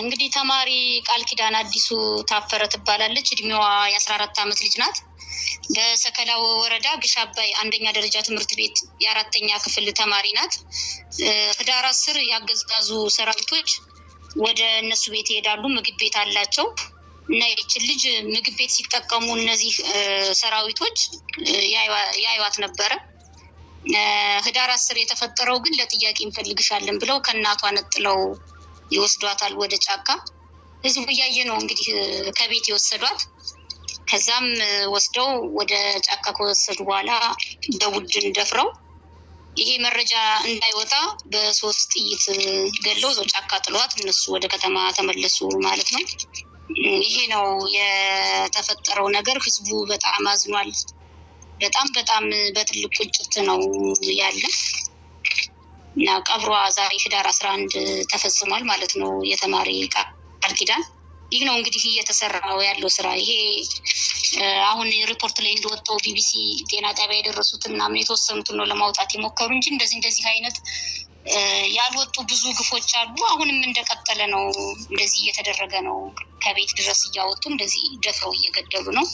እንግዲህ ተማሪ ቃል ኪዳን አዲሱ ታፈረ ትባላለች። እድሜዋ የአስራ አራት ዓመት ልጅ ናት። በሰከላው ወረዳ ግሽ አባይ አንደኛ ደረጃ ትምህርት ቤት የአራተኛ ክፍል ተማሪ ናት። ህዳር አስር ያገዛዙ ሰራዊቶች ወደ እነሱ ቤት ይሄዳሉ። ምግብ ቤት አላቸው እና ይችን ልጅ ምግብ ቤት ሲጠቀሙ እነዚህ ሰራዊቶች ያይዋት ነበረ። ህዳር አስር የተፈጠረው ግን ለጥያቄ እንፈልግሻለን ብለው ከእናቷ ነጥለው ይወስዷታል ወደ ጫካ። ህዝቡ እያየ ነው እንግዲህ ከቤት የወሰዷት። ከዛም ወስደው ወደ ጫካ ከወሰዱ በኋላ በቡድን ደፍረው ይሄ መረጃ እንዳይወጣ በሶስት ጥይት ገለው እዛው ጫካ ጥሏት እነሱ ወደ ከተማ ተመለሱ ማለት ነው። ይሄ ነው የተፈጠረው ነገር። ህዝቡ በጣም አዝኗል። በጣም በጣም በትልቅ ቁጭት ነው ያለ። እና ቀብሯ ዛሬ ህዳር አስራ አንድ ተፈጽሟል ማለት ነው። የተማሪ ቃል ኪዳን ይህ ነው እንግዲህ እየተሰራው ያለው ስራ። ይሄ አሁን ሪፖርት ላይ እንደወጣው ቢቢሲ ጤና ጣቢያ የደረሱት ምናምን የተወሰኑትን ነው ለማውጣት የሞከሩ እንጂ እንደዚህ እንደዚህ አይነት ያልወጡ ብዙ ግፎች አሉ። አሁንም እንደቀጠለ ነው። እንደዚህ እየተደረገ ነው። ከቤት ድረስ እያወጡ እንደዚህ ደፍረው እየገደሉ ነው።